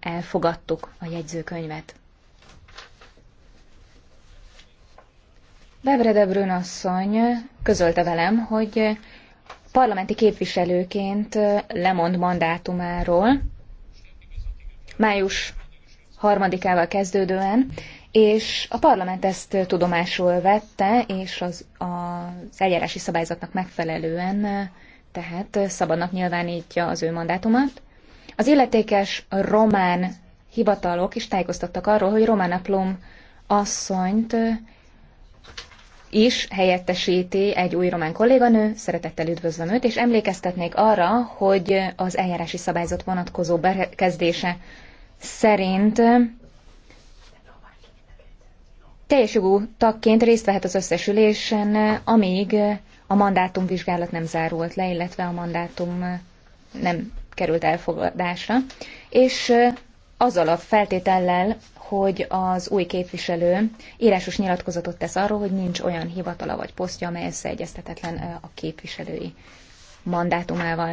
elfogadtuk a jegyzőkönyvet. Bebre Debrön asszony közölte velem, hogy parlamenti képviselőként lemond mandátumáról május harmadikával kezdődően, és a parlament ezt tudomásul vette, és az, az eljárási szabályzatnak megfelelően tehát szabadnak nyilvánítja az ő mandátumát. Az illetékes román hivatalok is tájékoztattak arról, hogy román Plum asszonyt is helyettesíti egy új román kolléganő, szeretettel üdvözlöm őt, és emlékeztetnék arra, hogy az eljárási szabályzat vonatkozó bekezdése szerint teljes jogú tagként részt vehet az összes ülésen, amíg a mandátumvizsgálat nem zárult le, illetve a mandátum nem került elfogadásra, és azzal a feltétellel, hogy az új képviselő írásos nyilatkozatot tesz arról, hogy nincs olyan hivatala vagy posztja, amely összeegyeztetetlen a képviselői mandátumával.